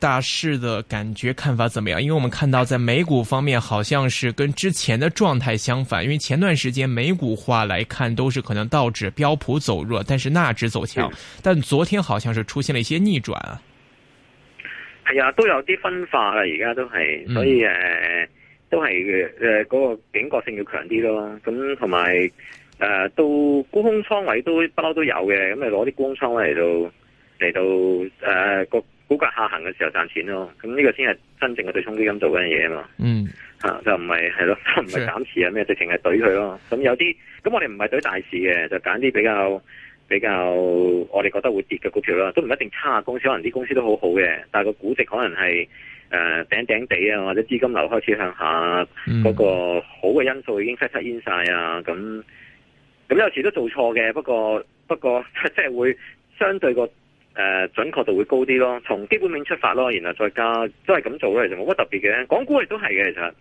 大市的感覺看法怎麼樣？因為我們看到在美股方面，好像是跟之前的狀態相反。因為前段時間美股話來看，都是可能道指、標普走弱，但是納指走強。但昨天好像是出現了一些逆轉啊。係啊，都有啲分化啦，而家都係，嗯、所以誒、呃、都係誒嗰個警覺性要強啲咯。咁同埋誒到沽空倉位都不嬲都有嘅，咁咪攞啲沽空倉位嚟到嚟到誒個。股價下行嘅時候賺錢咯，咁呢個先係真正嘅對沖基金做緊嘢啊嘛。嗯，吓、啊、就唔係係咯，就唔係減持啊咩，直情係懟佢咯。咁有啲，咁我哋唔係懟大市嘅，就揀啲比較比較我哋覺得會跌嘅股票啦。都唔一定差公司，可能啲公司都好好嘅，但係個估值可能係誒頂頂地啊，或者資金流開始向下，嗰、嗯、個好嘅因素已經失失煙晒啊。咁咁有時都做錯嘅，不過不過即係、就是、會相對個。誒準確度會高啲咯，從基本面出發咯，然後再加都係咁做咧，其實冇乜特別嘅。港股亦都係嘅，其實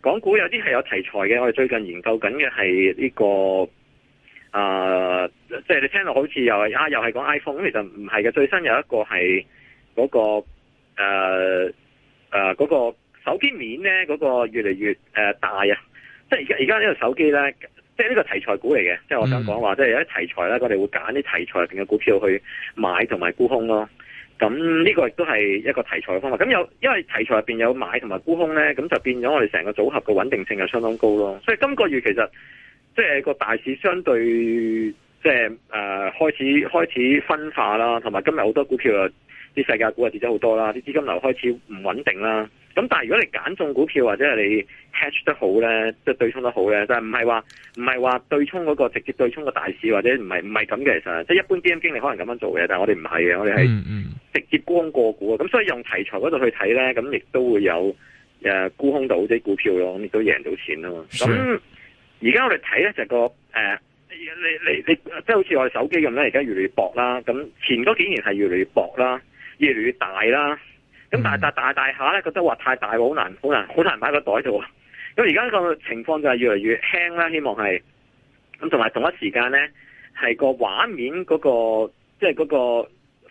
港股有啲係有題材嘅。我哋最近研究緊嘅係呢個啊，即係你聽到好似又係啊，又係講 iPhone，咁其實唔係嘅。最新有一個係嗰個誒誒嗰個手機面咧，嗰個越嚟越誒大啊！即係而家而家呢個手機咧，即係呢個是題材股嚟嘅，即係我想講話，嗯、即係有啲題材咧，我哋會揀啲題材入邊嘅股票去買同埋沽空咯。咁呢個亦都係一個題材嘅方法。咁有因為題材入邊有買同埋沽空咧，咁就變咗我哋成個組合嘅穩定性又相當高咯。所以今個月其實即係個大市相對即係誒、呃、開始開始分化啦，同埋今日好多股票啊，啲世界股啊跌咗好多啦，啲資金流開始唔穩定啦。咁但係如果你揀中股票或者係你 hatch 得好咧，即係對沖得好咧，就唔係話唔係話對沖嗰、嗰個直接對沖個大市，或者唔係唔係咁嘅，其實，即係一般基金經理可能咁樣做嘅，但係我哋唔係嘅，我哋係直接光過股。咁所以用題材嗰度去睇咧，咁亦都會有誒、呃、沽空到啲股票咯，咁亦都贏到錢啊嘛。咁而家我哋睇咧就個誒、呃、你你你即係好似我哋手機咁咧，而家越嚟越薄啦。咁前嗰幾年係越嚟越薄啦，越嚟越大啦。咁大大大大，大下咧，覺得話太大好難好難好難擺個袋度。咁而家個情況就係越嚟越輕啦，希望係咁同埋同一時間咧，係個畫面嗰個即係嗰個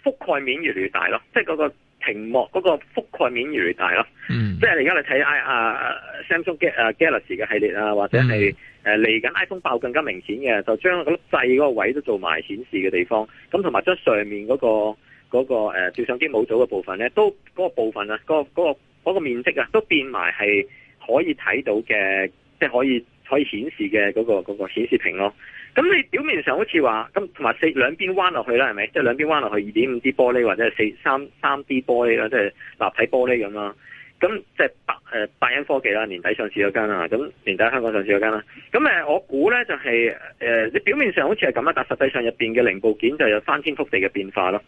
覆蓋面越嚟越大咯，即係嗰個屏幕嗰個覆蓋面越嚟越大咯。即係而家你睇阿阿 Samsung Galaxy 嘅系列啊，或者係誒嚟緊 iPhone 爆更加明顯嘅，就將個粒掣嗰個位都做埋顯示嘅地方，咁同埋將上面嗰個。嗰個誒照相機模組嘅部分咧，都嗰個部分啊，嗰個嗰個嗰個面積啊，都變埋係可以睇到嘅，即係可以可以顯示嘅嗰個嗰個顯示屏咯。咁你表面上好似話咁，同埋四兩邊彎落去啦，係咪？即係兩邊彎落去二點五 D 玻璃或者係四三三 D 玻璃啦，即係立體玻璃咁啦。咁即係百誒百欣科技啦，年底上市嗰間啊，咁年底香港上市嗰間啦。咁我估咧就係誒，你表面上好似係咁啊，但實際上入面嘅零部件就有翻天覆地嘅變化咯。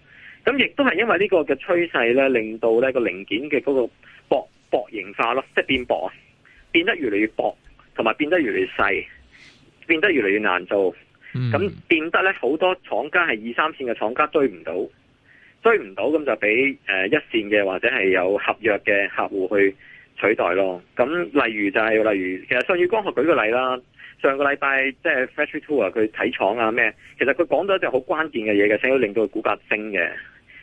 咁亦都係因為個趨勢呢個嘅趨勢咧，令到咧個零件嘅嗰個薄薄型化咯，即係變薄啊，變得越嚟越薄，同埋變得越嚟越細，變得越嚟越難做。咁、嗯、變得咧好多廠家係二三線嘅廠家追唔到，追唔到咁就俾誒、呃、一線嘅或者係有合約嘅客戶去取代咯。咁例如就係、是、例如，其實信宇光學舉個例啦，上個禮拜即係 factory tour 佢睇廠啊咩，其實佢講到一隻好關鍵嘅嘢嘅，先令到佢股價升嘅。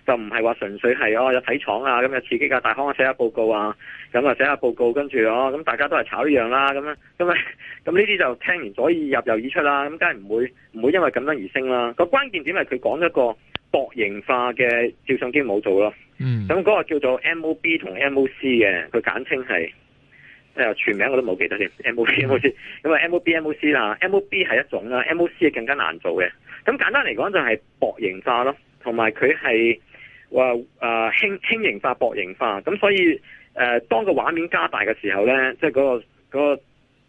就唔係話純粹係哦，有睇廠啊，咁又刺激啊，大行啊寫下報告啊，咁、嗯、啊寫下報告，跟住哦，咁大家都係炒一樣啦，咁樣咁啊，咁呢啲就聽完左耳入右耳出啦、啊，咁梗係唔會唔會因為咁樣而升啦、啊。個關鍵點係佢講咗個薄型化嘅照相機冇做咯、啊，咁嗰、嗯、個叫做 M O B 同 M O C 嘅，佢簡稱係即、哎、全名我都冇記得 添，M O B M O C，咁啊 M O B M O C 啦，M O B 係一種啦，M O C 更加難做嘅。咁簡單嚟講就係薄型化咯、啊，同埋佢係。話誒，輕輕型化、薄型化，咁所以誒、呃，當個畫面加大嘅時候咧，即係嗰個嗰、那個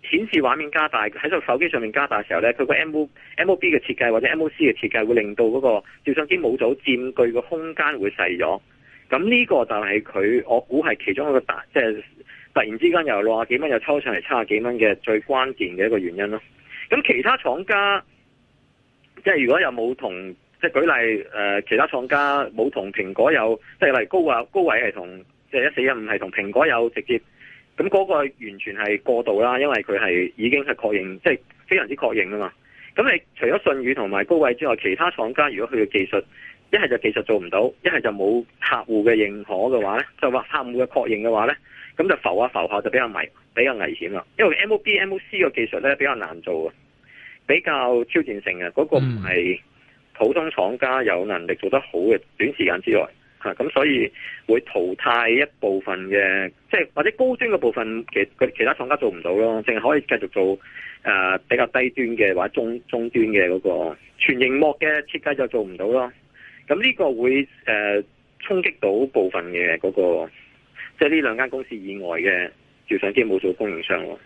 顯示畫面加大，喺個手機上面加大嘅時候咧，佢個 M M O B 嘅設計或者 M O C 嘅設計會令到嗰個照相機模組佔據嘅空間會細咗。咁呢個就係佢，我估係其中一個大，即、就、係、是、突然之間又六啊幾蚊又抽上嚟七啊幾蚊嘅最關鍵嘅一個原因咯。咁其他廠家即係、就是、如果有冇同？即係舉例，誒、呃、其他廠家冇同蘋果有，即係例如高啊高位係同，即係一四一五係同蘋果有直接，咁嗰個完全係過渡啦，因為佢係已經係確認，即係非常之確認啊嘛。咁你除咗信宇同埋高位之外，其他廠家如果佢嘅技術一係就技術做唔到，一係就冇客戶嘅認可嘅話咧，就話客戶嘅確認嘅話咧，咁就浮下、啊、浮下、啊啊、就比較危比較危險啦。因為 MOB、MOC 個技術咧比較難做啊，比較挑戰性嘅嗰個唔係。嗯普通廠家有能力做得好嘅短時間之內嚇，咁、啊、所以會淘汰一部分嘅，即係或者高端嘅部分，其佢其他廠家做唔到咯，淨係可以繼續做誒、呃、比較低端嘅或者中中端嘅嗰、那個全螢幕嘅設計就做唔到咯。咁呢個會誒、呃、衝擊到部分嘅嗰、那個，即係呢兩間公司以外嘅照相機模組供應商咯。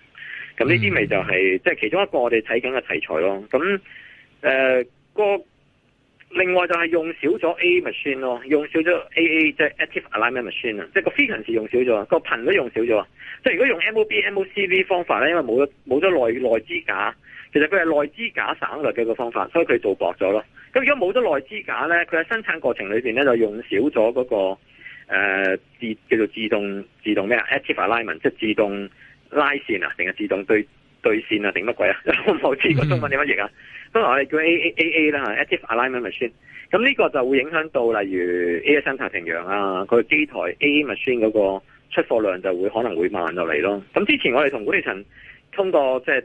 咁呢啲咪就係即係其中一個我哋睇緊嘅題材咯。咁誒、呃、那個。另外就係用少咗 A machine 咯，用少咗 AA 即係 active alignment machine 啊，即係個 frequency 用少咗，個頻率用少咗。即係如果用 MOB、MOCV 方法咧，因為冇咗冇咗內內支架，其實佢係內支架省略嘅個方法，所以佢做薄咗咯。咁如果冇咗內支架咧，佢喺生產過程裏面咧就用少咗嗰、那個、呃、自叫做自動自動咩啊 active alignment，即係自動拉線啊，定係自動對？對線啊，定乜鬼啊？我冇知個中文點樣譯啊！不過、mm hmm. 我哋叫 A A A A 啦 Active Alignment Machine。咁呢個就會影響到，例如 ASM 太平洋啊，佢機台 A A Machine 嗰個出貨量就會可能會慢落嚟咯。咁之前我哋同管理層通過即係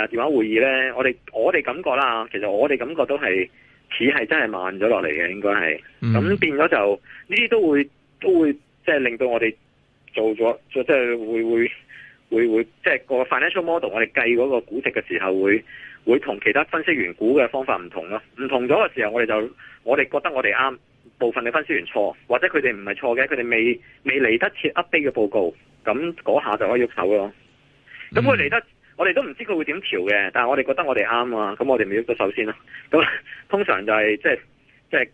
啊電話會議咧，我哋我哋感覺啦，其實我哋感覺都係似係真係慢咗落嚟嘅，應該係。咁變咗就呢啲都會都會即係、就是、令到我哋做咗，即係會會。會會會即係個 financial model，我哋計嗰個估值嘅時候會會同其他分析員估嘅方法唔同咯，唔同咗嘅時候我就，我哋就我哋覺得我哋啱，部分嘅分析員錯，或者佢哋唔係錯嘅，佢哋未未嚟得切 update 嘅報告，咁嗰下就可以喐手咯。咁佢嚟得，我哋都唔知佢會點調嘅，但係我哋覺得我哋啱啊，咁我哋咪喐咗手先咯。咁通常就係，即係即係。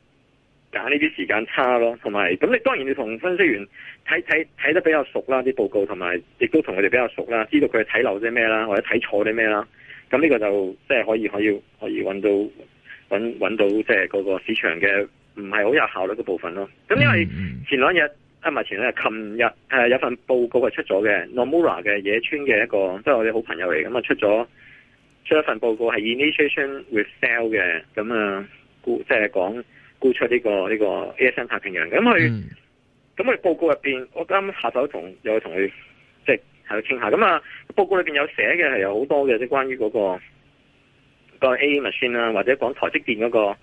揀呢啲時間差咯，同埋咁你當然你同分析員睇睇睇得比較熟啦，啲報告同埋亦都同佢哋比較熟啦，知道佢睇漏啲咩啦，或者睇錯啲咩啦。咁呢個就即係、就是、可以可以可以搵到搵到即係嗰個市場嘅唔係好有效率嘅部分咯。咁因為前兩日啊唔係前兩日，琴日誒、啊、有份報告係出咗嘅，Nomura 嘅野村嘅一個即係、就是、我哋好朋友嚟，咁啊出咗出一份報告係 Initiation with Sell 嘅，咁啊即係講。就是沽出呢個呢個 ASM 太平洋咁佢，咁佢報告入面，我啱下手同又同佢即係喺度傾下，咁啊報告裏面有寫嘅係有好多嘅，即係關於嗰個個 AI machine 啦，或者講台積電嗰個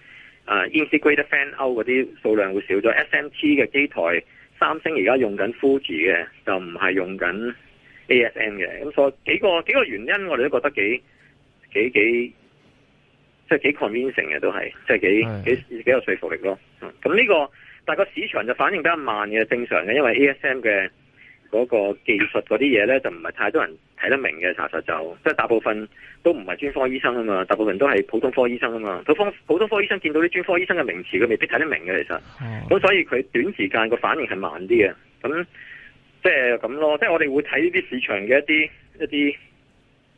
integrated fan out 嗰啲數量會少咗，SMT 嘅機台三星而家用緊 Fuji 嘅，就唔係用緊 ASM 嘅，咁所以幾個幾個原因我哋都覺得幾幾幾。即係幾 convincing 嘅都係，即係幾幾幾有說服力咯。咁、嗯、呢個但係個市場就反應比較慢嘅，正常嘅，因為 ASM 嘅嗰個技術嗰啲嘢咧，就唔係太多人睇得明嘅。查實就即係大部分都唔係專科醫生啊嘛，大部分都係普通科醫生啊嘛普。普通科醫生見到啲專科醫生嘅名詞，佢未必睇得明嘅其實。咁、嗯、所以佢短時間個反應係慢啲嘅。咁即係咁咯，即係我哋會睇呢啲市場嘅一啲一啲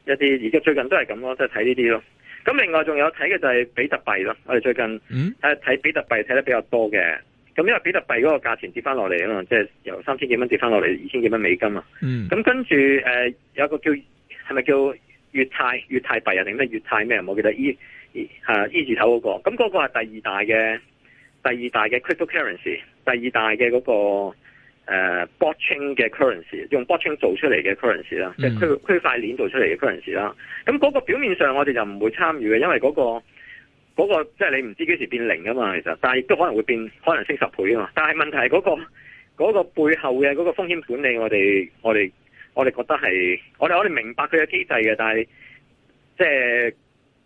一啲，而家最近都係咁咯，即係睇呢啲咯。咁另外仲有睇嘅就係比特幣咯，我哋最近睇比特幣睇得比較多嘅，咁因為比特幣嗰個價錢跌翻落嚟啊嘛，即係由三千幾蚊跌翻落嚟二千幾蚊美金、嗯呃、是是啊，咁跟住誒有個叫係咪叫越泰越泰幣啊，定咩越泰咩啊？我唔記得 E 依、e、字頭嗰、嗰個，咁、那、嗰個係第二大嘅第二大嘅 cryptocurrency，第二大嘅嗰、嗰個。清嘅 currency 用 Blockchain 做出嚟嘅 currency 啦，即係區區塊鏈做出嚟嘅 currency 啦。咁嗰個表面上我哋就唔會參與嘅，因為嗰個、嗰個、嗰個嗰個、即係你唔知幾時變零啊嘛，其實，但係亦都可能會變，可能升十倍啊嘛。但係問題係嗰個、嗰個嗰個、嗰個背後嘅嗰個風險管理，我哋我哋我哋覺得係我哋我哋明白佢嘅機制嘅，但係即係。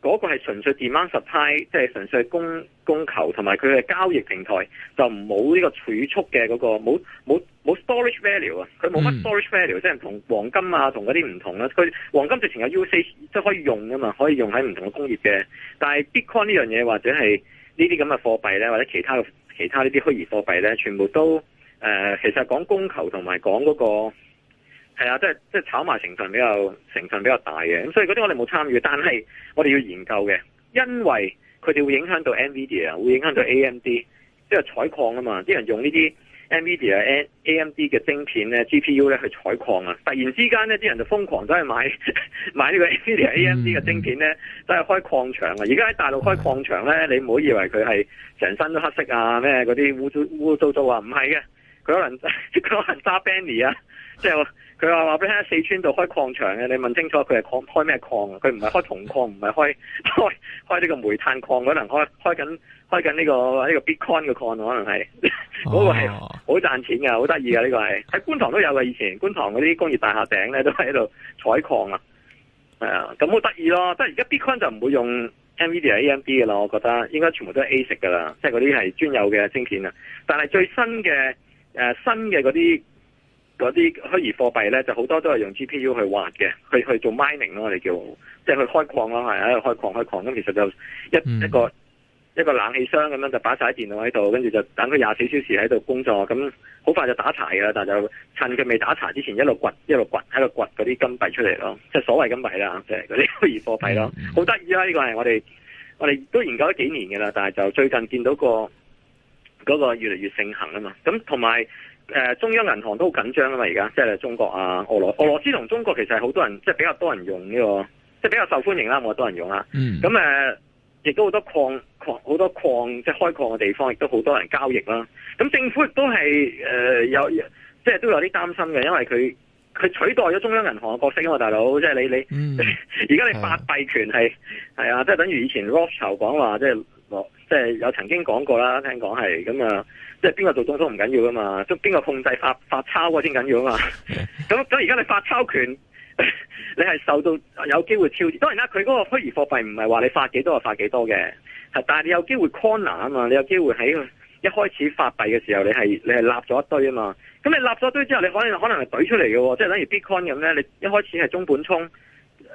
嗰個係純粹 demand supply 即係純粹係供供求，同埋佢嘅交易平台，就冇呢個儲蓄嘅嗰、那個冇冇冇 storage value 啊，佢冇乜 storage value，、嗯、即係同黃金啊那些不同嗰啲唔同啦。佢黃金直情有 usage 即係可以用噶嘛，可以用喺唔同嘅工業嘅。但係 Bitcoin 呢樣嘢或者係呢啲咁嘅貨幣咧，或者其他嘅其他呢啲虛擬貨幣咧，全部都誒、呃，其實係講供求同埋講嗰、那個。係啊，即係即係炒賣成分比較成分比較大嘅，咁所以嗰啲我哋冇參與，但係我哋要研究嘅，因為佢哋會影響到 Nvidia 啊，會影響到 AMD，即係採礦啊嘛，啲人用呢啲 Nvidia、AMD 嘅晶片咧、GPU 咧去採礦啊，突然之間呢，啲人就瘋狂走去買買呢個 Nvidia、AMD 嘅晶片咧，走去開礦場啊，而家喺大陸開礦場咧，你唔好以為佢係成身都黑色啊，咩嗰啲污糟污糟糟啊，唔係嘅。佢可能佢可能揸 Benny 啊，即係佢話話俾你聽喺四川度開礦場嘅，你問清楚佢係礦開咩礦啊？佢唔係開銅礦，唔係開開開呢個煤炭礦，可能開開緊開緊呢個呢個 Bitcoin 嘅礦，可能係嗰個係好賺錢噶，好得意噶，呢個係喺觀塘都有嘅，以前觀塘嗰啲工業大廈頂咧都喺度採礦啊，係啊，咁好得意咯。但係而家 Bitcoin 就唔會用 NVIDIA AMD 噶啦，我覺得應該全部都係 A 食噶啦，即係嗰啲係專有嘅芯片啊。但係最新嘅。誒、啊，新嘅嗰啲啲虛擬貨幣咧，就好多都係用 G P U 去挖嘅，去去做 mining 咯，我哋叫，即係去開礦咯，係啊，開礦開礦咁，其實就一、嗯、一個一個冷氣箱咁樣就擺晒喺電腦喺度，跟住就等佢廿四小時喺度工作，咁好快就打柴㗎喇，但係就趁佢未打柴之前一，一路掘一路掘，喺度掘嗰啲金幣出嚟咯，即係所謂的金幣啦，即係嗰啲虛擬貨幣咯，好得意啦！呢、啊呢個係我哋我哋都研究咗幾年㗎喇，但係就最近見到一個。嗰個越嚟越盛行啊嘛，咁同埋誒中央銀行都好緊張啊嘛，而家即係中國啊俄羅俄羅斯同中國其實係好多人即係比較多人用呢、這個，即係比較受歡迎啦，我多人用啦。嗯那。咁、呃、誒，亦都好多礦礦好多礦即係開礦嘅地方，亦都好多人交易啦。咁政府亦都係誒有即係都有啲擔心嘅，因為佢佢取代咗中央銀行嘅角色啊嘛，大佬，即係你你而家、嗯、 你發幣權係係啊，即係等於以前 Rothschild 講話即係。即係有曾經講過啦，聽講係咁啊！即係邊個做總統都唔緊要噶嘛，中邊個控制發發鈔先緊要啊嘛！咁咁而家你發鈔權，你係受到有機會挑戰。當然啦，佢嗰個虛擬貨幣唔係話你發幾多就發幾多嘅，係但係你有機會 corner 啊嘛！你有機會喺一開始發幣嘅時候，你係你係立咗一堆啊嘛！咁你立咗堆之後，你可能可能係懟出嚟嘅喎，即係等於 Bitcoin 咁咧。你一開始係中本聰，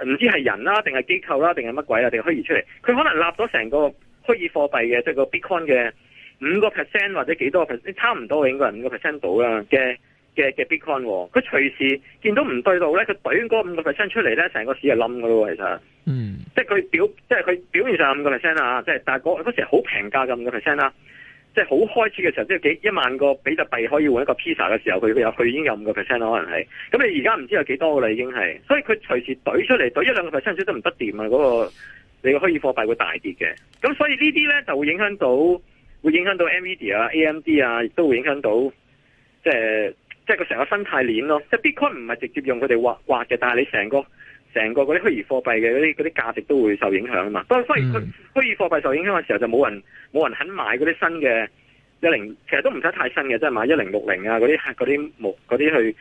唔知係人啦、啊，定係機構啦、啊，定係乜鬼啊？定係虛擬出嚟，佢可能立咗成個。虛擬貨幣嘅即係個 Bitcoin 嘅五個 percent 或者幾多個 percent，差唔多應該係五個 percent 到啦嘅嘅嘅 Bitcoin。佢隨時見到唔對路咧，佢懟嗰五個 percent 出嚟咧，成個市係冧噶咯。其實，嗯，即係佢表，即係佢表面上五個 percent 啦，即係但係嗰嗰時好平價嘅五個 percent 啦，即係好開始嘅時候，即係幾一萬個比特幣可以換一個 pizza 嘅時候，佢佢有佢已經有五個 percent 咯，可能係。咁你而家唔知有幾多噶啦，已經係。所以佢隨時懟出嚟，懟一兩個 percent 出都唔得掂啊！嗰個你個虛擬貨幣會大跌嘅，咁所以呢啲呢就會影響到，會影響到 Nvidia 啊、AMD 啊，亦都會影響到，即係即係個成個生態鏈咯。即係 Bitcoin 唔係直接用佢哋挖挖嘅，但係你成個成個嗰啲虛擬貨幣嘅嗰啲啲價值都會受影響啊嘛。當然而虛虛擬貨幣受影響嘅時候就，就冇人冇人肯買嗰啲新嘅一零，其實都唔使太新嘅，即係買一零六零啊嗰啲啲冇嗰啲去。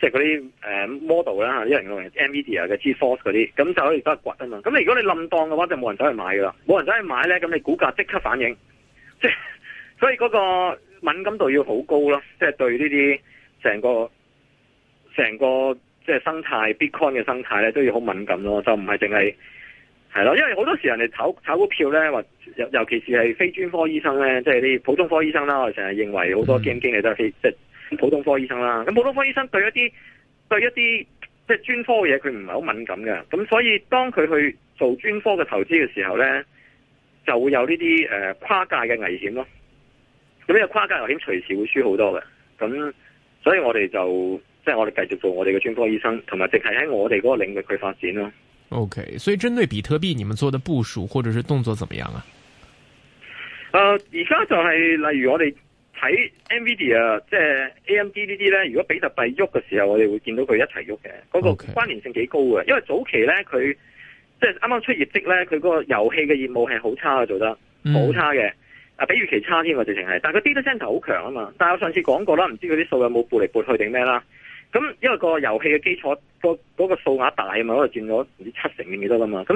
即係嗰啲誒 model 啦，一零六零 media 嘅 GeForce 嗰啲，咁就可以都係掘啊嘛。咁你如果你冧檔嘅話，就冇人走去買噶啦，冇人走去買咧，咁你股價即刻反應。即係，所以嗰個敏感度要好高咯。即係對這些整整即是呢啲成個成個即係生態 Bitcoin 嘅生態咧，都要好敏感咯。就唔係淨係係咯，因為好多時人哋炒炒股票咧，或尤其是係非專科醫生咧，即係啲普通科醫生啦，我哋成日認為好多 game 經理都係非即係。嗯普通科醫生啦，咁普通科醫生對一啲對一啲即係專科嘅嘢，佢唔係好敏感嘅，咁所以當佢去做專科嘅投資嘅時候咧，就會有呢啲誒跨界嘅危險咯。咁、那、呢個跨界危險隨時會輸好多嘅，咁所以我哋就即係、就是、我哋繼續做我哋嘅專科醫生，同埋淨係喺我哋嗰個領域去發展咯。O、okay, K，所以針對比特幣，你們做的部署或者是動作怎麼樣啊？誒、呃，而家就係例如我哋。睇 NVIDIA 啊，IA, 即係 AMD 呢啲咧，如果比特幣喐嘅時候，我哋會見到佢一齊喐嘅，嗰、嗰個關聯性幾高嘅。因為早期咧，佢即係啱啱出業績咧，佢嗰個遊戲嘅業務係好差嘅，做得好差嘅，嗯、啊比預期差添喎直情係。但係佢 data centre 好強啊嘛。但係我上次講過啦，唔知佢啲數有冇撥嚟撥去定咩啦。咁因為個遊戲嘅基礎，嗰個、嗰個數額大啊嘛，嗰度賺咗唔知七成定幾多啦嘛。咁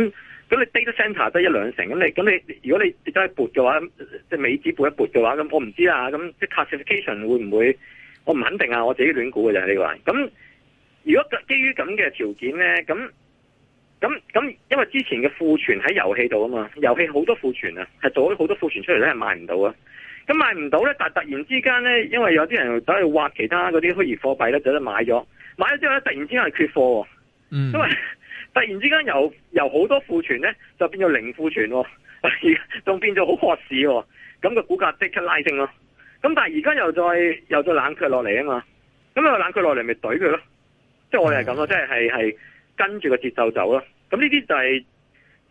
咁你 data center 得一兩成，咁你咁你如果你都係博嘅話，即係美紙博一博嘅話，咁我唔知啦、啊。咁即係 classification 會唔會？我唔肯定啊，我自己亂估嘅就係呢個。咁如果基於咁嘅條件咧，咁咁咁，因為之前嘅庫存喺遊戲度啊嘛，遊戲好多庫存啊，係做咗好多庫存出嚟咧，賣唔到啊。咁買唔到咧，但係突然之間咧，因為有啲人走去挖其他嗰啲虛擬貨幣咧，就得買咗，買咗之後咧，突然之間係缺貨，嗯、因為突然之間由由好多庫存咧，就變咗零庫存，仲變咗好渴市，咁個股價即刻拉升咯。咁但係而家又再又再冷卻落嚟啊嘛，咁又冷卻落嚟咪懟佢咯，就是嗯、即係我哋係咁咯，即係係係跟住個節奏走咯。咁呢啲就係、是。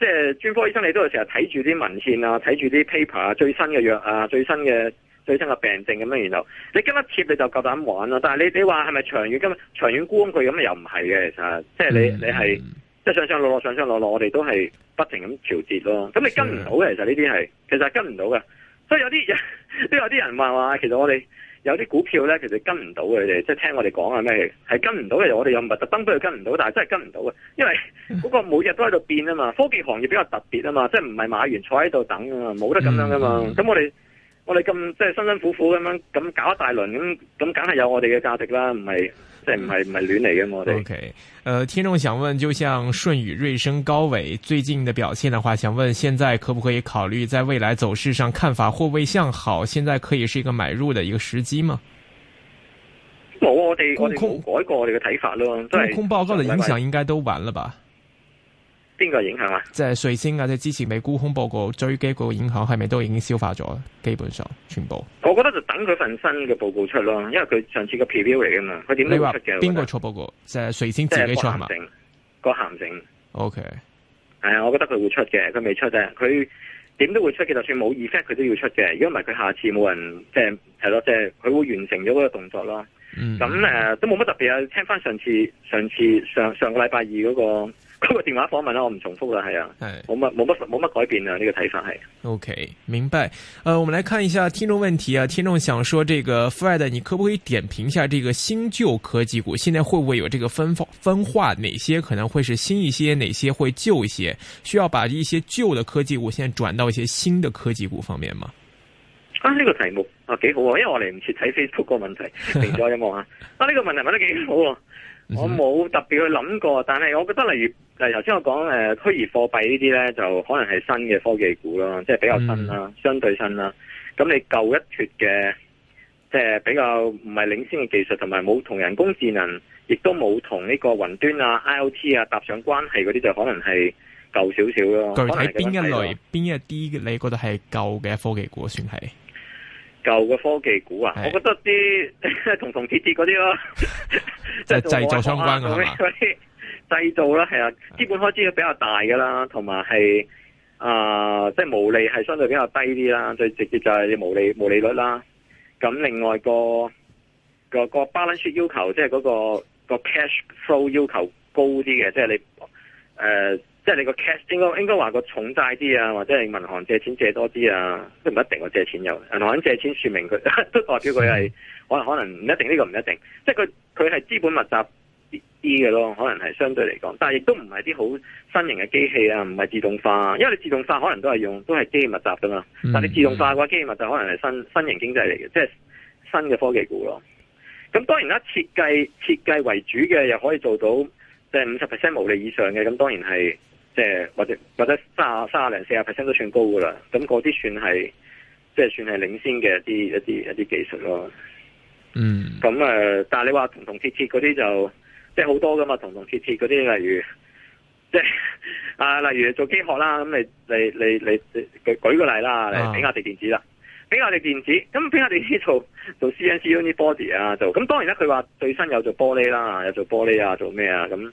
即係專科醫生，你都係成日睇住啲文獻啊，睇住啲 paper 啊，最新嘅藥啊，最新嘅最新嘅病症咁樣，然後你跟得切你就夠膽玩咯、啊。但係你你話係咪長遠咁？長遠觀佢咁又唔係嘅，其實即係你你係即係上上落落上上落落，我哋都係不停咁調節咯。咁你跟唔到嘅，其實呢啲係其實跟唔到嘅。所以有啲 人，所以有啲人話話，其實我哋。有啲股票咧，其實跟唔到佢哋，即係聽我哋講啊咩係跟唔到嘅，我哋又唔係特登畀佢跟唔到，但係真係跟唔到嘅，因為嗰個每日都喺度變啊嘛，科技行業比較特別啊嘛，即係唔係買完坐喺度等啊嘛，冇得咁樣噶嘛，咁、嗯、我哋我哋咁即係辛辛苦苦咁樣咁搞一大輪咁，咁梗係有我哋嘅價值啦，唔係。即係唔係唔係亂嚟嘅我哋。O K，誒，聽眾想問，就像舜宇、瑞聲、高偉最近嘅表現的話，想問現在可唔可以考慮在未來走勢上看法會唔會向好？現在可以是一個買入嘅一個時機嗎？冇空，我哋我哋改過我哋嘅睇法咯。對，空報告嘅影響應該都完了吧？邊個影響啊？即係瑞星啊，即係之前美沽空報告追擊嗰個影響，係咪都已經消化咗？基本上全部。我覺得就等佢份新嘅報告出咯，因為佢上次個 preview 嚟噶嘛，佢點都會出嘅。邊個出報告？就係瑞星自己出嘛？個陷阱。O K，係啊，我覺得佢會出嘅，佢未出啫。佢點都會出嘅，就算冇 effect，佢都要出嘅。如果唔係，佢下次冇人，即係係咯，即係佢會完成咗嗰個動作咯。咁誒、嗯呃，都冇乜特別啊。聽翻上次，上次上上個禮拜二嗰、那個。嗰個電話訪問啦，我唔重複啦，係啊，我冇冇乜冇乜改變啊，呢、這個睇法係。OK，明白。呃，我們來看一下聽眾問題啊，聽眾想說，這個 Fred，你可不可以點評一下這個新舊科技股？現在會不會有這個分化？分化哪些可能會是新一些？哪些會舊一些？需要把一些舊的科技股，現在轉到一些新的科技股方面嗎？啊，呢、這個題目啊幾好啊，因為我哋唔切睇 Facebook 嗰個問題，停咗一望啊，啊、這、呢個問題問得幾好啊。我冇特別去諗過，但係我覺得例如，例如頭先我講誒虛擬貨幣呢啲呢，就可能係新嘅科技股啦，即係比較新啦，相對新啦。咁你舊一脱嘅，即係比較唔係領先嘅技術，同埋冇同人工智能，亦都冇同呢個雲端啊、IOT 啊搭上關係嗰啲，就可能係舊少少咯。具體邊一類、邊一啲，你覺得係舊嘅科技股算係？舊嘅科技股啊，是的 我覺得啲銅銅鐵鐵嗰啲咯，即係製造相關的 製造啊嘛。製造啦，係啊，基本開支比較大噶啦，同埋係啊，即係毛利係相對比較低啲啦。最直接就係你毛利毛利率啦。咁另外一個個個 balance sheet 要求，即係嗰個個 cash flow 要求高啲嘅，即係你誒、呃。即係你個 cast 應該應該話個重債啲啊，或者係銀行借錢借多啲啊，都唔一定我借錢有銀行借錢，說明佢都代表佢係可能可能唔一定呢個唔一定，即係佢佢係資本密集啲嘅咯，可能係相對嚟講，但係亦都唔係啲好新型嘅機器啊，唔係自動化，因為你自動化可能都係用都係機器密集噶嘛，但係你自動化嘅話，機器密集可能係新新型經濟嚟嘅，即係新嘅科技股咯。咁當然啦，設計設計為主嘅又可以做到即係五十 percent 毛利以上嘅，咁當然係。即係或者或者三啊零四啊 percent 都算高噶啦，咁嗰啲算係即係算係領先嘅一啲一啲一啲技術咯。嗯。咁誒、嗯，但係你話同同鐵鐵嗰啲就即係好多噶嘛，同同鐵鐵嗰啲例如即係啊，例如做機殼啦，咁你你你你舉舉個例啦，比亞迪電子啦，比亞迪電子咁比亞迪電子做做 CNC uni body 啊，就咁當然啦，佢話最新有做玻璃啦，有做玻璃啊，做咩啊咁。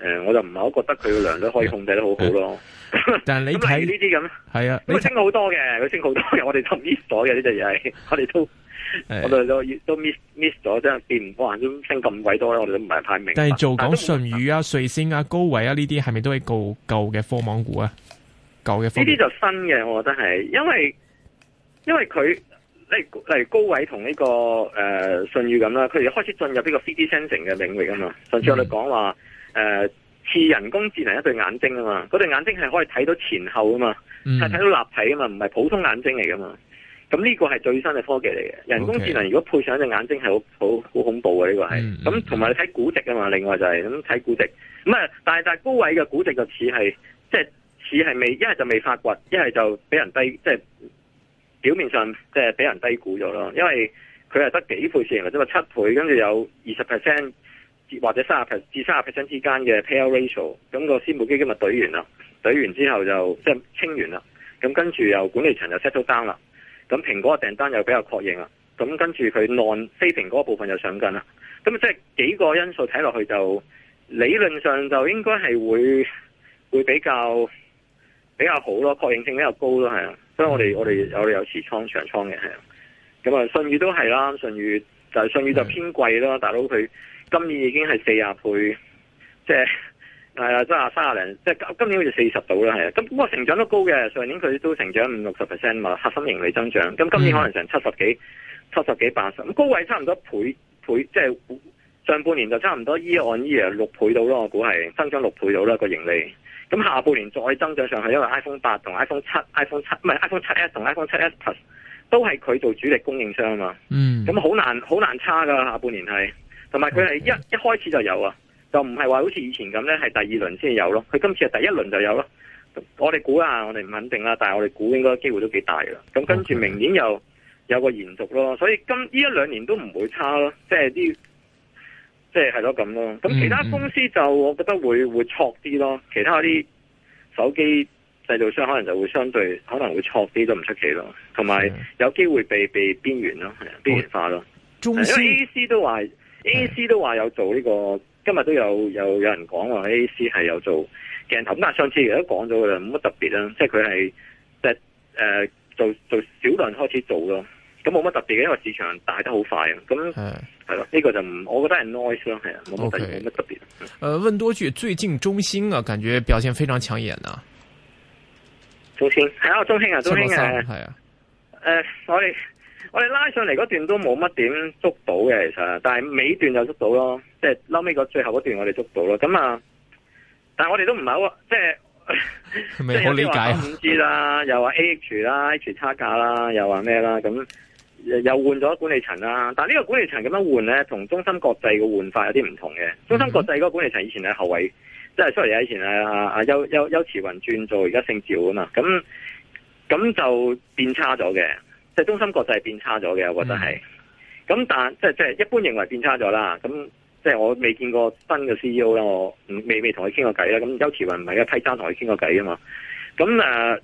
誒、嗯，我就唔係好覺得佢個量都可以控制得好好咯。嗯、但係你睇呢啲咁，係 啊，佢升好多嘅，佢看升好多嘅。我哋都 miss 咗嘅呢隻嘢， 我哋都，啊、我哋都都 miss miss 咗，真係變唔慣，都升咁鬼多，我哋都唔係太明白。但係做講舜宇啊、瑞星啊、高位啊呢啲，係咪都係舊舊嘅科網股啊？舊嘅呢啲就新嘅，我覺得係，因為因為佢例如高位同呢、這個誒舜宇咁啦，佢、呃、又開始進入呢個 3D sensing 嘅領域啊嘛。上次我哋講話。嗯誒，似、呃、人工智能一對眼睛啊嘛，嗰對眼睛係可以睇到前後啊嘛，係睇、嗯、到立體啊嘛，唔係普通眼睛嚟噶嘛。咁呢個係最新嘅科技嚟嘅。人工智能如果配上一對眼睛，係好好好恐怖嘅呢個係。咁同埋你睇估值啊嘛，嗯、另外就係咁睇估值。咁係，但係但係高位嘅估值就似係，即係似係未，一係就未發掘，一係就俾人低，即、就、係、是、表面上即係俾人低估咗咯。因為佢係得幾倍市盈率啫嘛，七倍，跟住有二十 percent。或者三十 percent 至三十 percent 之間嘅 P/E ratio，咁個私募基金咪隊完啦，隊完之後就即係、就是、清完啦，咁跟住又管理層又 set 咗單啦，咁蘋果嘅訂單又比較確認啦，咁跟住佢按非蘋果部分又上緊啦，咁即係幾個因素睇落去就理論上就應該係會會比較比較好咯，確認性比較高咯，係啊，所以我哋我哋我哋有持倉長倉嘅係啊，咁啊信譽都係啦，信譽就係、是、信譽就偏貴啦，是的大佬佢。今年已經係四十倍，即係係啊，三十三零，即係、就是、今年好似四十度啦，係啊。咁不過成長都高嘅，上年佢都成長五六十 percent 嘛，核心盈利增長。咁今年可能成、嗯、七十幾、七十幾八十，咁高位差唔多倍倍，即、就、係、是、上半年就差唔多 year on year 六倍到咯，我估係增長六倍到啦、那個盈利。咁下半年再增長上去，因為 iPhone 八同 iPhone 七、iPhone 七唔係 iPhone 七 S 同 iPhone 七 S Plus 都係佢做主力供應商啊嘛。嗯。咁好難好難差㗎下半年係。同埋佢係一一開始就有啊，就唔係話好似以前咁咧，係第二輪先有咯。佢今次係第一輪就有咯。我哋估啊，我哋唔肯定啦、啊，但係我哋估應該機會都幾大啦。咁跟住明年又有，有個延續咯，所以今呢一兩年都唔會差咯。即係啲，即係係咯咁咯。咁其他公司就我覺得會會挫啲咯。其他啲手機製造商可能就會相對可能會挫啲都唔出奇咯。同埋有機會被被邊緣咯，邊緣我化咯。中心 因為 AC 都話。是 A C 都話有做呢、這個，今日都有有有人講話、啊、A C 係有做鏡頭但啊！上次亦都講咗噶啦，冇乜特別啦，即係佢係即係誒做做少量開始做咯，咁冇乜特別嘅、啊，因為市場大得好快啊！咁係咯，呢是、啊這個就唔，我覺得係 noise 咯，係啊。O K。誒 okay,、啊呃，問多句，最近中興啊，感覺表現非常搶眼啊！嗯、中興係啊，中興啊，中興啊，係啊、呃，誒，所以。我哋拉上嚟嗰段都冇乜點捉到嘅，其實，但係尾段就捉到咯，即係後尾個最後嗰段我哋捉到咯。咁啊，但係我哋都唔係好，即係即係有啲解唔知啦，又話 A H 啦，H 差價啦，又話咩啦，咁又換換咗管理層啦。但係呢個管理層咁樣換咧，同中芯國際嘅換法有啲唔同嘅。中芯國際嗰個管理層以前係後位，即係 sorry 以前係啊啊邱邱邱慈雲轉做而家姓趙啊嘛，咁咁就變差咗嘅。即係中心國際變差咗嘅，我覺得係。咁、嗯、但即係即係一般認為變差咗啦。咁即係我未見過新嘅 CEO 啦，我未未同佢傾過偈啦。咁邱慈雲唔係一批差同佢傾過偈啊嘛。咁誒、即、呃、係、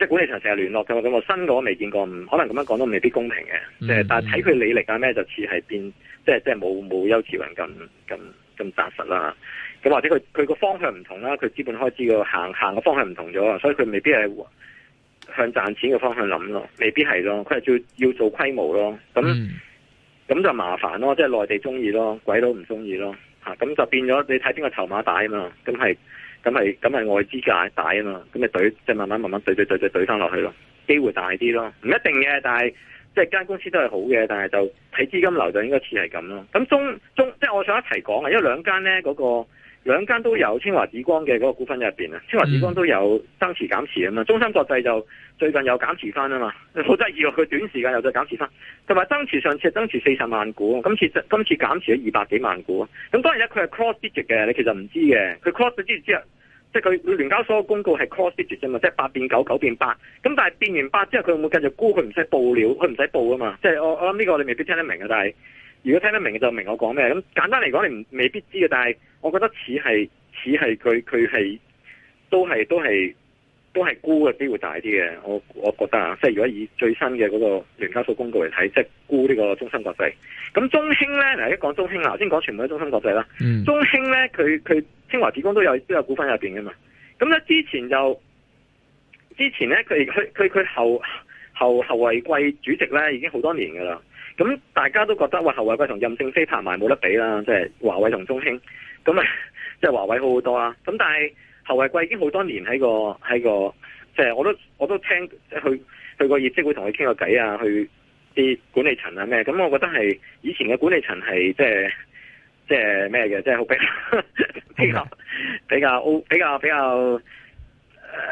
就是、管理層成日聯絡嘅。咁我新嘅我未見過，可能咁樣講都未必公平嘅。即係、嗯就是、但係睇佢履歷啊咩，就似係變即係即係冇冇邱慈雲咁咁咁紮實啦。咁或者佢佢個方向唔同啦，佢資本開支嘅行行嘅方向唔同咗，所以佢未必係，向賺錢嘅方向諗咯，未必係咯，佢係要要做規模咯，咁咁、嗯、就麻煩咯，即係內地中意咯，鬼佬唔中意咯，嚇，咁就變咗你睇邊個籌碼大啊嘛，咁係咁係咁係外資嘅大啊嘛，咁咪對，即係慢慢慢慢堆對對堆翻落去咯，機會大啲咯，唔一定嘅，但係即係間公司都係好嘅，但係就睇資金流就應該似係咁咯，咁中中即係我想一齊講啊，因為兩間咧嗰個。兩間都有，清華紫光嘅嗰個股份入邊啊，清華紫光都有增持減持啊嘛，中芯國際就最近又減持翻啊嘛，好得意喎，佢短時間又再減持翻，同埋增持上次係增持四十萬股，今次今次減持咗二百幾萬股咁、嗯、當然咧佢係 cross digit 嘅，你其實唔知嘅，佢 cross digit 之後，即係佢聯交所嘅公告係 cross digit 啫嘛，即係八變九九變八，咁但係變完八之後佢會唔會繼續沽？佢唔使報料，佢唔使報啊嘛，即係我我諗呢個你未必聽得明啊，但係。如果聽得明嘅就明我講咩，咁簡單嚟講，你未必知嘅。但係我覺得似係似係佢佢係都係都係都係沽嘅機會大啲嘅。我我覺得啊，即係如果以最新嘅嗰個聯交所公告嚟睇，即係沽呢個中芯國際。咁中興咧，嗱，一講中興啊，先講全部喺中芯國際啦。嗯、中興咧，佢佢清華紫光都有都有股份入邊嘅嘛。咁咧之前就之前咧，佢佢佢佢後後後為貴主席咧已經好多年嘅啦。咁大家都覺得喂，侯衞貴同任正非拍埋冇得比啦，即係華為同中興，咁啊，即係華為好好多啦、啊。咁但係侯衞貴已經好多年喺個喺個，即係、就是、我都我都聽，即係去去個業績會同佢傾個偈啊，去啲管、啊、管理層啊咩。咁我覺得係以前嘅管理層係即係、啊、即係咩嘅，即係好比較比較比較比較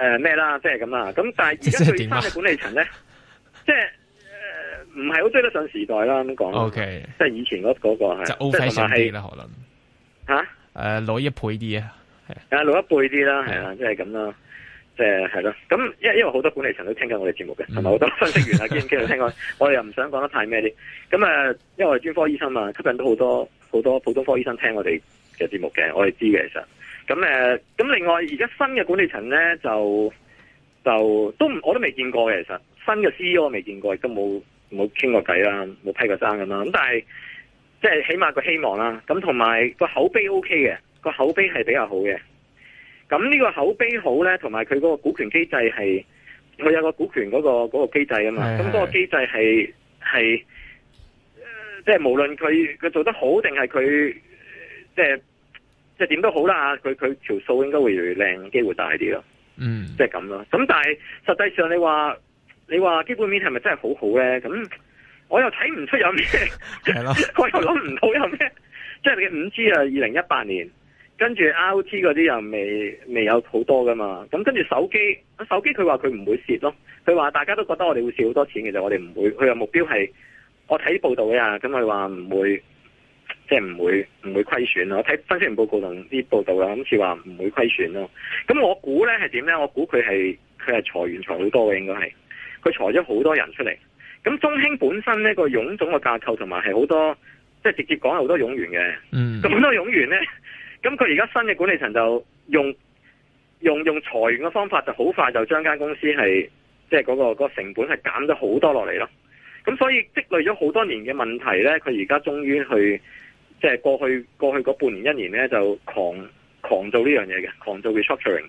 誒咩啦，即係咁啦。咁但係而家最新嘅管理層咧，即係。唔係好追得上時代啦，咁講，okay, 即係以前嗰、那、嗰個係就 O K 啦，是可能吓誒，攞、啊呃、一倍啲啊，係啊，攞一倍啲啦，係啊，即係咁啦，即係係咯。咁因因為好多管理層都聽緊我哋節目嘅，同埋好多分析員啊，基金經理聽緊。我哋又唔想講得太咩啲。咁誒，因為我哋專科醫生啊，吸引到好多好多普通科醫生聽我哋嘅節目嘅，我哋知嘅其實。咁誒，咁另外而家新嘅管理層咧，就就都我都未見過嘅其實，新嘅 C E O 我未見過，亦都冇。冇傾過偈啦、啊，冇批過生咁啦，咁但係即係起碼個希望啦，咁同埋個口碑 OK 嘅，個口碑係比較好嘅。咁呢個口碑好咧，同埋佢個股權機制係佢有個股權嗰、嗰個嗰個機制啊嘛。咁嗰的個機制係係，即係、呃就是、無論佢佢做得好定係佢即係即係點都好啦，佢佢條數應該會靚，機會大啲咯。嗯，即係咁咯。咁但係實際上你話。你話基本面係咪真係好好咧？咁我又睇唔出有咩， 我又諗唔到有咩， 即係你嘅五 G 啊，二零一八年跟住 R O T 嗰啲又未未有好多噶嘛。咁跟住手機，手機佢話佢唔會蝕咯。佢話大家都覺得我哋會蝕好多錢，其實我哋唔會。佢嘅目標係我睇報道啊，咁佢話唔會，即係唔會唔會虧損咯。我睇分析員報告同啲報道啊，好似話唔會虧損咯。咁我估咧係點咧？我估佢係佢係裁員裁好多嘅，應該係。佢裁咗好多人出嚟，咁中興本身呢、呢個臃腫嘅架構同埋係好多，即係直接講係好多冗員嘅。嗯、mm。咁、hmm. 好多冗員呢，咁佢而家新嘅管理層就用用用裁員嘅方法就就，就好快就將間公司係即係嗰個成本係減咗好多落嚟咯。咁所以積累咗好多年嘅問題呢，佢而家終於去即係、就是、過去過去嗰半年一年呢，就狂狂做呢樣嘢嘅，狂做 restructuring。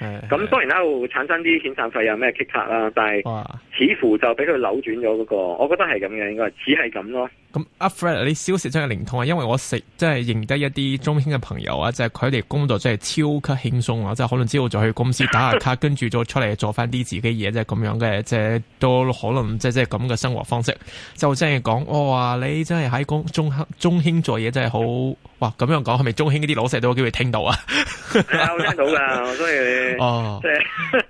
咁 當然啦，會產生啲遣散費呀，咩激卡啦，但係似乎就俾佢扭轉咗嗰、那個，我覺得係咁樣，應該只係咁囉。咁阿 Fred，你消息真係靈通啊！因為我食即係認得一啲中興嘅朋友啊，即係佢哋工作真係超級輕鬆啊！即、就、係、是、可能朝早就去公司打下卡， 跟住再出嚟做翻啲自己嘢，即係咁樣嘅，即、就、係、是、都可能即係即咁嘅生活方式。就真係講我話你真係喺中中興做嘢真係好哇！咁樣講係咪中興啲老細都有機會聽到 啊？我聽到噶，我所以哦，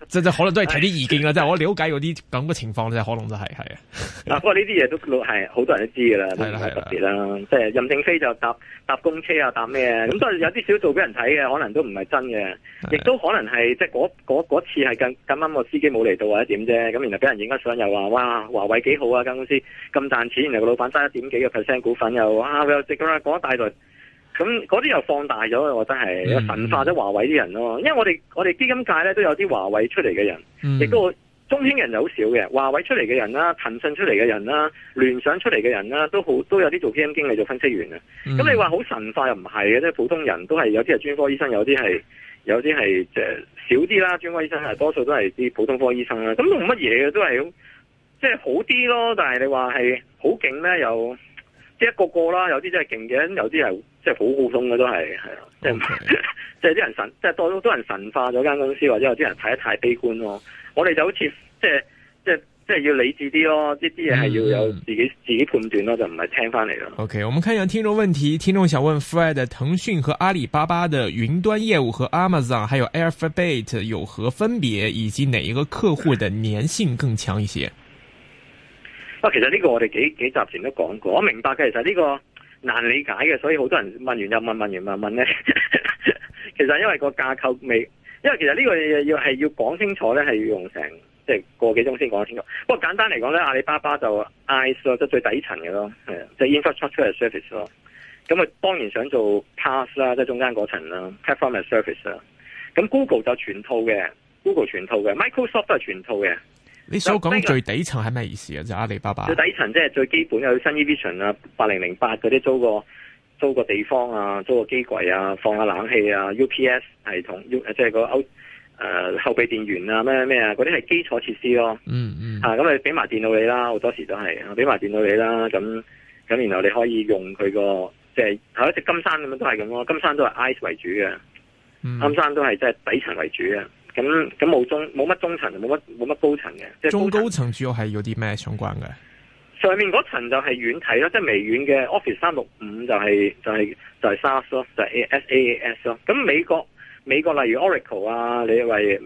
即係 可能都係睇啲意見啦。即係 我了解嗰啲咁嘅情況，就是、可能就係、是、係啊。不過呢啲嘢都係好多人都知噶啦。係啦，唔係特別啦，即係的任正非就搭搭公車啊，搭咩啊，咁都係有啲少做俾人睇嘅，可能都唔係真嘅，亦的都可能係即係嗰次係咁咁啱個司機冇嚟到或者點啫，咁然後俾人影咗相又話哇，華為幾好啊，間公司咁賺錢，然後個老闆揸一點幾個 percent 股份又哇，又食咁啊，講一大輪，咁嗰啲又放大咗，我覺得係神化咗華為啲人咯，因為我哋我哋基金界咧都有啲華為出嚟嘅人，亦、嗯、都。中興人就好少嘅，華為出嚟嘅人啦，騰訊出嚟嘅人啦，聯想出嚟嘅人啦，都好都有啲做 PM 經理做分析員嘅。咁、嗯、你話好神化又唔係嘅，即係普通人都係有啲係專科醫生，有啲係有啲係即係少啲啦。專科醫生係多數都係啲普通科醫生啦。咁都冇乜嘢嘅，都係咁即係好啲咯。但係你話係好勁咧，又即係一個個啦，有啲真係勁嘅，有啲係即係好普通嘅都係係啊，即係即係啲人神，即係多多人神化咗間公司，或者有啲人睇得太悲觀咯。我哋就好似即係即係即係要理智啲咯，呢啲嘢係要有自己自己判斷咯，就唔係聽翻嚟咯。OK，我們看一下聽眾問題，聽眾想問 Fred 的騰訊和阿里巴巴的雲端業務和 Amazon 還有 Alphabet 有何分別，以及哪一個客戶的黏性更強一些？啊，其實呢個我哋幾幾集前都講過，我明白嘅，其實呢個難理解嘅，所以好多人問完又問，問完又問，問完問問咧， 其實因為個架構未。因為其實呢個要係要講清楚咧，係要用成即係個幾鐘先講得清楚。不過簡單嚟講咧，阿里巴巴就 IaaS 咯，即係最底層嘅咯，即係、即係、infrastructure service 咯。咁啊，當然想做 PaaS 啦，即係中間嗰層啦，platform 嘅 service 啦。咁 Google 就全套嘅，Google 全套嘅，Microsoft 都係全套嘅。你所講最底層係咩意思啊？就阿里巴巴最底層即係最基本嘅，新 E vision 啊，八零零八嗰啲租個。租個地方啊，租個機櫃啊，放下冷氣啊，UPS 系統，U 即係個歐誒、呃、後備電源啊，咩咩啊，嗰啲係基礎設施咯。嗯嗯。吓咁啊，俾埋電腦你啦，好多時都係俾埋電腦你啦。咁咁然後你可以用佢個即係，就是、一隻金山咁樣都係咁咯。金山都係 Ice 為主嘅，嗯、金山都係即係底層為主嘅。咁咁冇中冇乜中層，冇乜冇乜高層嘅。就是、高層中高層主要係有啲咩相關嘅？上面嗰層就係軟體咯，即係微軟嘅 office 三六五就係就係就係 saas 咯，就係 saas 咯。咁、就是、美國美國例如 oracle 啊，你以為誒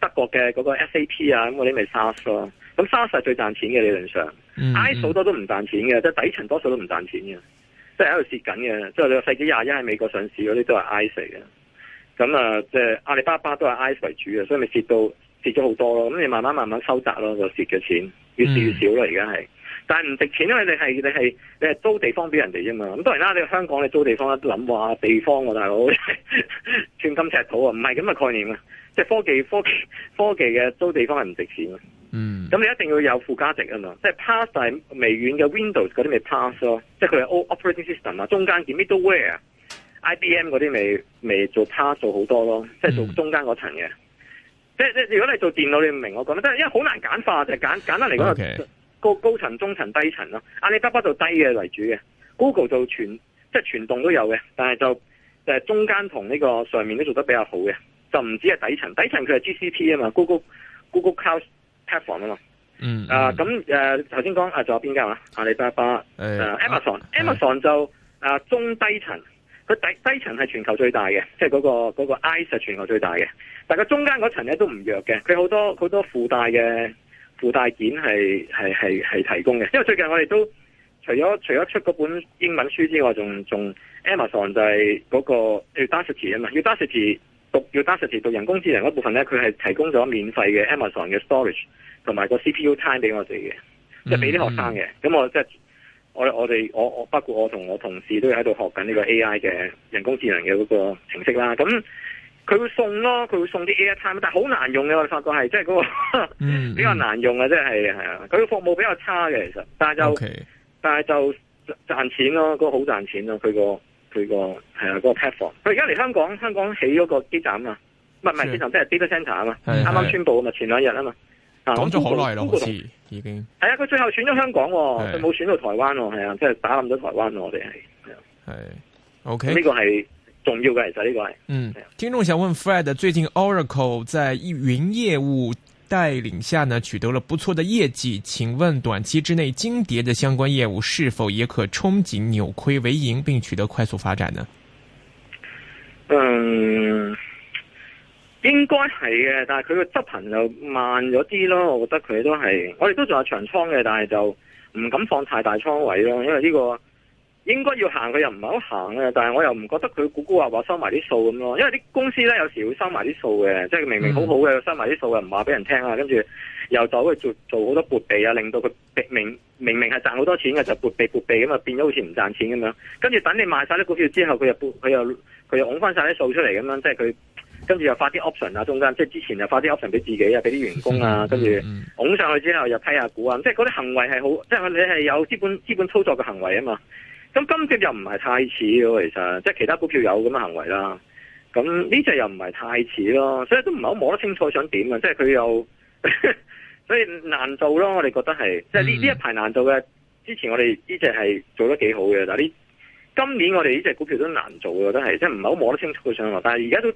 德國嘅嗰個 sap 啊，咁嗰啲咪 saas 咯。咁 saas 最賺錢嘅理論上，i 咁好多都唔賺錢嘅，即係底層多數都唔賺錢嘅，即係喺度蝕緊嘅。即係你個世紀廿一喺美國上市嗰啲都係 i 嚟嘅。咁啊，即係阿里巴巴都係 i 為主嘅，所以咪蝕到蝕咗好多咯。咁你慢慢慢慢收窄咯，就蝕嘅錢越蝕越少啦。而家係。但係唔值錢，因為你係你係你係租地方俾人哋啫嘛。咁當然啦，你喺香港你租地方都諗話地方、啊、大佬寸金尺土啊，唔係咁嘅概念啊。即係科技科技科技嘅租地方係唔值錢啊。嗯。咁你一定要有附加值啊嘛。即係 pass 係微軟嘅 Windows 嗰啲咪 pass 咯。即係佢係 all operating system 啊。中間叫 middleware，IBM 嗰啲咪咪做 pass 做好多咯。即係做中間嗰層嘅。嗯、即即如果你做電腦，你唔明我講咩？即係因為好難簡化就係簡簡單嚟講。Okay. 高高層、中層、低層咯，啊，阿里巴巴就低嘅為主嘅，Google 就全即係全棟都有嘅，但係就中間同呢個上面都做得比較好嘅，就唔止係底層，底層佢係 GCP 啊嘛，Google Google Cloud Platform 啊嘛，嗯啊咁誒頭先講啊，仲有邊間啊，阿里巴巴、哎啊、Amazon、哎、Amazon 就、啊、中低層，佢底低，低層係全球最大嘅，即係嗰個嗰個 IaaS 係全球最大嘅、那個那個，但佢中間嗰層咧都唔弱嘅，佢好多好多附帶嘅。附帶件係係係係提供嘅，因為最近我哋都除咗除咗出嗰本英文書之外，仲仲 Amazon 就係嗰個 Udacity 啊嘛，Udacity 讀 Udacity 讀人工智能嗰部分咧，佢係提供咗免費嘅 Amazon 嘅 storage 同埋個 CPU time 俾我哋嘅，即、嗯、就俾啲學生嘅。咁、嗯、我即係我我哋我我包括我同我同事都喺度學緊呢個 AI 嘅人工智能嘅嗰個程式啦。咁佢會送囉，佢會送啲 Airtime，但係好難用嘅，我哋發覺係即係嗰個比較難用嘅，即係係啊，佢個服務比較差嘅其實，但係就但係就賺錢囉，嗰個好賺錢咯，佢個佢個係啊嗰個 Platform。佢而家嚟香港，香港起嗰個機站啊，唔係唔係機站，即係 data centre 啊嘛，啱啱宣佈啊嘛，前兩日啊嘛，講咗好耐咯，已經係啊！佢最後選咗香港喎，佢冇選到台灣喎，係啊，即係打冧咗台灣咯！我哋係係 OK，呢個係。其實這是重要嘅就呢個係。嗯，聽眾想問 Fred，最近 Oracle 在雲業務帶領下呢，取得了不錯的業績。請問短期之內，金蝶的相關業務是否也可憧憬扭虧為盈，並取得快速發展呢？嗯，應該係嘅，但係佢嘅執行就慢咗啲咯。我覺得佢都係，我哋都仲有長倉嘅，但係就唔敢放太大倉位咯，因為呢、這個。應該要行，佢又唔係好行啊！但係我又唔覺得佢估估話話收埋啲數咁咯。因為啲公司咧，有時會收埋啲數嘅，即係明明好好嘅、嗯、收埋啲數，又唔話俾人聽啊。跟住又再去做做好多撥備啊，令到佢明明明明係賺好多錢嘅，就撥備撥備咁啊，變咗好似唔賺錢咁樣。跟住等你賣晒啲股票之後，佢又佢又佢又拱翻晒啲數出嚟咁樣，即係佢跟住又發啲 option 啊，中間即係之前又發啲 option 俾自己啊，俾啲員工啊，跟住拱上去之後又批下股啊，即係嗰啲行為係好，即係你係有資本資本操作嘅行為啊嘛。咁今朝又唔係太似咯，其實即係其他股票有咁嘅行為啦。咁呢隻又唔係太似咯，所以都唔係好摸得清楚想點呀，即係佢又 所以難做咯。我哋覺得係即係呢呢一排難做嘅。之前我哋呢隻係做得幾好嘅，但係呢今年我哋呢隻股票都難做嘅，都係即係唔係好摸得清楚嘅上落。但係而家都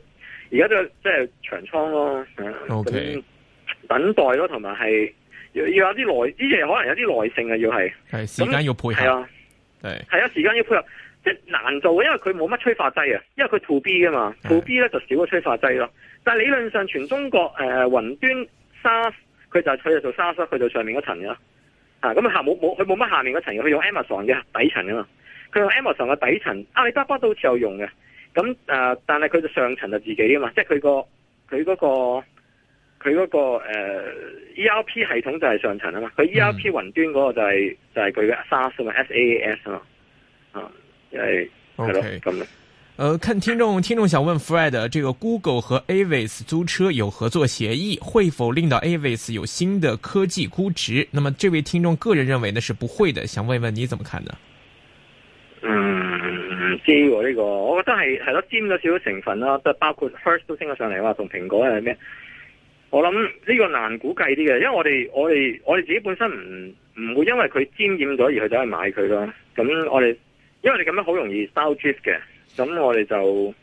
而家都即係長倉咯 Okay.、嗯。等待咯，同埋係要有啲耐，呢隻可能有啲耐性嘅、啊、要係。係時間要配合。係，係啊，時間要配合，即係難做啊，因為佢冇乜催化劑啊，因為佢 to B 啊嘛，to B 咧就少個催化劑咯。但係理論上全中國誒、呃、雲端砂、就是，佢就佢就做砂石，去到上面嗰層咯。吓咁下冇冇，佢冇乜下面嗰層嘅，佢用 Amazon 嘅底層啊嘛。佢用 Amazon 嘅底層，阿里巴巴都好似有用嘅。咁、嗯、誒、呃，但係佢就上層就自己啊嘛，即係佢個佢個。佢嗰、嗰個、呃、ERP 系統就係上層啊嘛，佢 ERP 雲端嗰個就係、是嗯、就係佢嘅 SaaS 嘛，SaaS 咯，a、s，啊，係，係咯，咁咧，呃，看聽眾，聽眾想問 Fred，這個 Google 和 Avis 租車有合作協議，會否令到 Avis 有新的科技估值？那麼，這位聽眾個人認為呢，是不會的。想問一問你怎麼看呢？嗯，呢個呢個，我覺得係係咯，佔咗少少成分啦，即係包括 First 都升咗上嚟啊嘛，同蘋果係咩？我諗呢個難估計啲嘅，因為我哋我哋我哋自己本身唔唔會因為佢沾染咗而去走去買佢囉。咁我哋因為你咁樣好容易 style drift 嘅，咁我哋就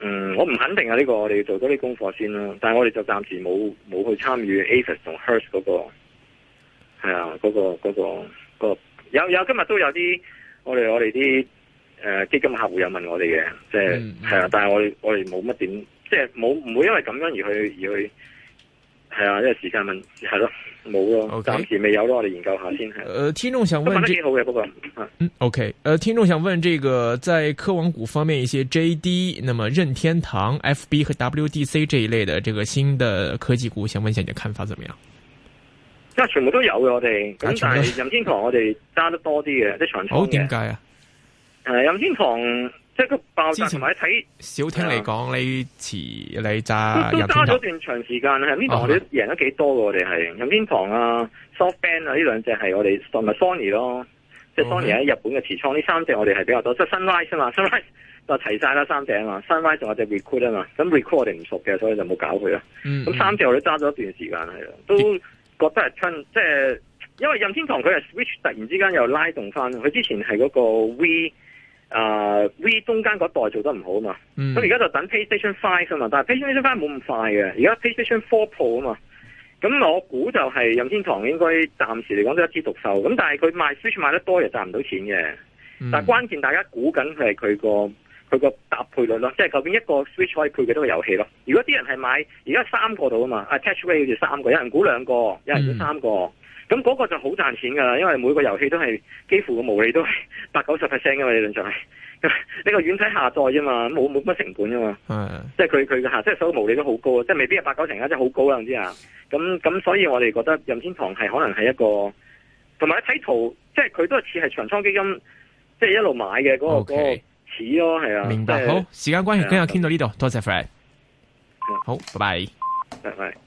嗯我唔肯定啊呢、這個我哋做多啲功課先囉。但係我哋就暫時冇冇去參與 Avis 同 Hertz 嗰個係啊嗰、那個嗰、那個嗰、那個有有今日都有啲我哋我哋啲誒基金客戶有問我哋嘅，即係係啊，嗯、但係我我哋冇乜點。即係冇唔會因為咁樣而去而去係啊，因為時間問係咯，冇咯、啊，暫 Okay. 時未有咯，我哋研究下先。誒、呃，聽眾想問，都問得幾好嘅個。嗯，OK、呃。誒，聽眾想問呢、這個，在科網股方面，一些 JD、那麼任天堂、FB 和 WDC 這一類的這個新的科技股，想問一下你嘅看法怎麼樣？即係、啊、全部都有嘅我哋。咁、啊、但係任天堂我哋揸得多啲嘅，即 長生好，點解、哦、啊？誒、呃，任天堂。即係個爆炸同埋睇，少聽你講，你遲你揸都揸咗段長時間啦。任、哦、我哋你贏得幾多嘅，我哋係任天堂啊、SoftBank 啊呢兩隻係我哋同埋 Sony 咯，即係 Sony 喺日本嘅持倉，呢三隻我哋係比較多，即係 Okay. Sunrise 啊嘛，Sunrise 就係齊晒啦三隻啊，Sunrise 仲有隻 Recruit 啊嘛，咁 Recruit Rec 我哋唔熟嘅，所以就冇搞佢啦。咁、嗯嗯、三隻我哋揸咗一段時間係，都覺得係趁即係，因為任天堂佢係 Switch 突然之間又拉動翻，佢之前係嗰個 V。啊、uh，V 中間嗰代做得唔好啊嘛，咁而家就等 PlayStation Five 啊嘛。但係 PlayStation Five 冇咁快嘅，而家 PlayStation Four 鋪啊嘛。咁我估就係，任天堂應該暫時嚟講都一枝獨秀。咁但係佢賣 Switch 賣得多又賺唔到錢嘅，嗯、但係關鍵大家估緊係佢個佢個搭配率咯，即、就、係、是、究竟一個 Switch 可以配幾多個遊戲咯？如果啲人係買而家三個到啊嘛，啊 Catchway 要住三個，有人估兩個，有人估三個。嗯咁嗰個就好賺錢噶啦，因為每個遊戲都係幾乎個毛利都係八九十 percent 噶嘛，理論上係，呢、這個軟體下載啫嘛，冇冇乜成本啫嘛，Yeah. 即係佢佢下，即係所有毛利都好高啊，即係未必係八九成啦，即係好高啦，你知啊？咁咁，所以我哋覺得任天堂係可能係一個，同埋睇圖，即係佢都似係長倉基金，即、就、係、是、一路買嘅嗰、那個嗰 Okay. 個似咯、喔，係啊。是明白好，時間關係今日傾到呢度，多 Yeah. 謝，謝 Fred。Yeah. 好，拜拜，拜拜。